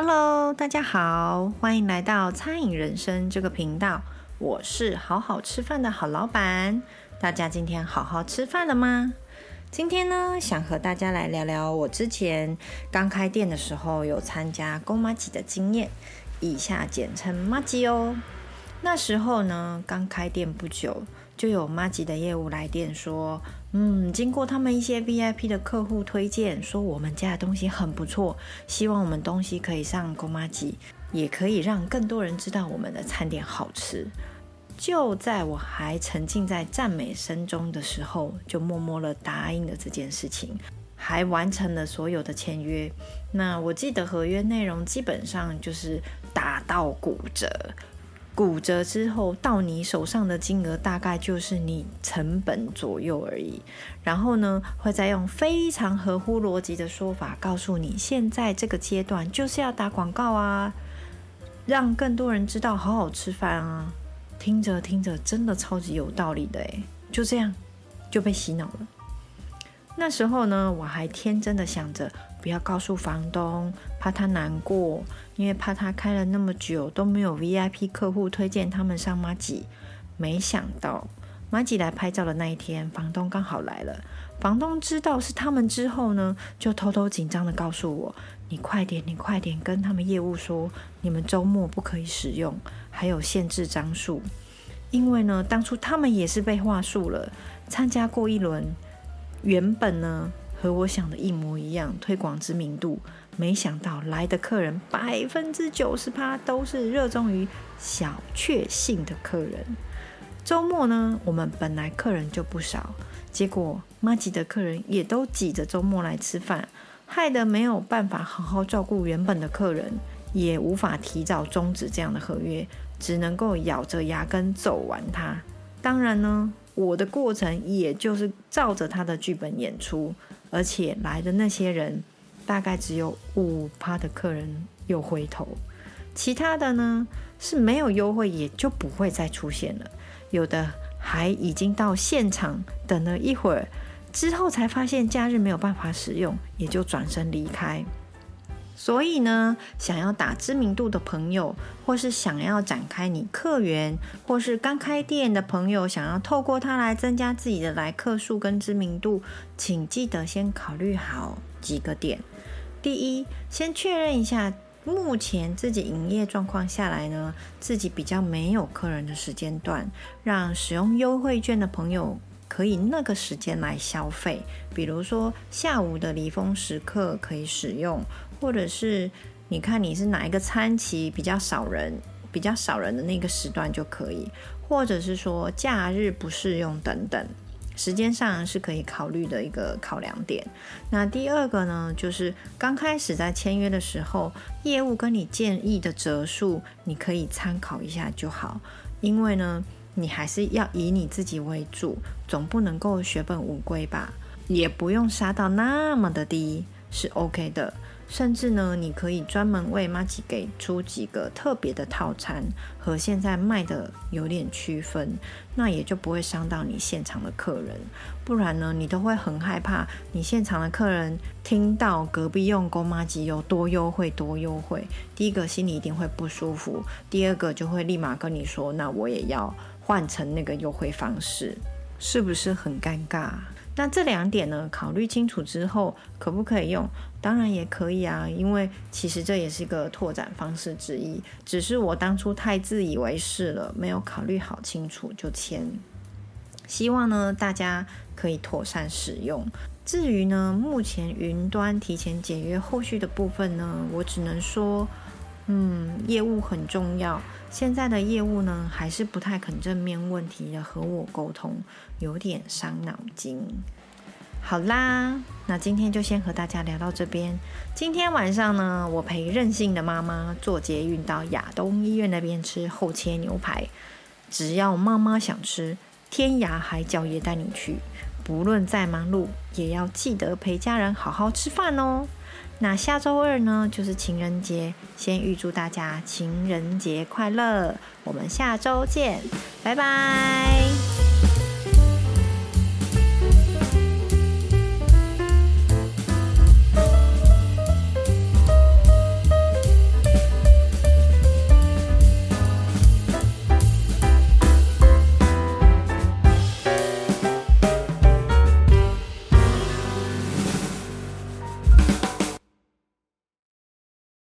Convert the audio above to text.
Hello，大家好，歡迎來到餐飲人生這個頻道。我是好好吃飯的好老闆。大家今天好好吃飯了嗎？今天呢，想和大家來聊聊我之前剛開店的時候有參加夠馬吉的經驗，以下簡稱馬吉哦。那時候呢，剛開店不久。就有夠馬吉的業務來電說，嗯，經過他們一些 VIP 的客戶推薦，說我們家的東西很不錯，希望我們東西可以上夠馬吉，也可以讓更多人知道我們的餐點好吃。就在我還沉浸在讚美聲中的時候，就默默了答應了這件事情，還完成了所有的簽約。那我記得合約內容基本上就是打到骨折。骨折之後到你手上的金額大概就是你成本左右而已，然後呢會再用非常合乎邏輯的說法告訴你，現在這個階段就是要打廣告啊，讓更多人知道好好吃飯啊，聽着聽着真的超級有道理的哎，就這樣就被洗腦了。那時候呢，我還天真的想着不要告訴房東，怕他難過，因為怕他開了那麼久都沒有 VIP 客戶推薦他們上馬吉。沒想到馬吉來拍照的那一天，房東剛好來了。房東知道是他們之後呢，就偷偷緊張的告訴我：“你快點，你快點跟他們業務說，你們週末不可以使用，還有限制張數。因為呢，當初他們也是被話術了，參加過一輪。”原本呢，和我想的一模一樣，推廣知名度。沒想到來的客人百分之九十趴都是熱衷於小確幸的客人。周末呢，我們本來客人就不少，結果馬吉的客人也都擠着周末來吃飯，害得沒有辦法好好照顧原本的客人，也無法提早終止這樣的合約，只能夠咬着牙根走完它。當然呢。我的過程也就是照着他的劇本演出，而且來的那些人，大概只有五趴的客人有回頭，其他的呢是沒有優惠，也就不會再出現了。有的還已經到現場等了一會兒，之後才發現假日沒有辦法使用，也就轉身離開。所以呢，想要打知名度的朋友，或是想要展開你客源，或是剛開店的朋友，想要透過它來增加自己的來客數跟知名度，請記得先考慮好幾個點。第一，先確認一下目前自己營業狀況下來呢，自己比較沒有客人的時間段，讓使用優惠券的朋友。可以那個時間來消費，比如說下午的離峰時刻可以使用，或者是你看你是哪一個餐期比較少人，比較少人的那個時段就可以，或者是說假日不適用等等，時間上是可以考慮的一個考量點。那第二個呢，就是剛開始在簽約的時候，業務跟你建議的折數，你可以參考一下就好，因為呢。你還是要以你自己為主，總不能夠血本無歸吧？也不用殺到那麼的低，是 OK 的。甚至呢，你可以專門為馬吉給出幾個特別的套餐，和現在賣的有點區分，那也就不會傷到你現場的客人。不然呢，你都會很害怕，你現場的客人聽到隔壁用夠馬吉有多優惠多優惠，第一個心裡一定會不舒服，第二個就會立馬跟你說：“那我也要。”換成那個優惠方式，是不是很尷尬？那這兩點呢？考慮清楚之後，可不可以用？當然也可以啊，因為其實這也是一個拓展方式之一。只是我當初太自以為是了，沒有考慮好清楚就簽。希望呢，大家可以妥善使用。至於呢，目前雲端提前解約後續的部分呢，我只能說。嗯，業務很重要。現在的業務呢，還是不太肯正面問題的，和我溝通有點傷腦筋。好啦，那今天就先和大家聊到這邊。今天晚上呢，我陪任性的媽媽坐捷運到亞東醫院那邊吃厚切牛排。只要媽媽想吃，天涯海角也帶你去。不論再忙碌，也要記得陪家人好好吃飯哦。那下週二呢，就是情人節，先預祝大家情人節快樂。我們下周見，拜拜。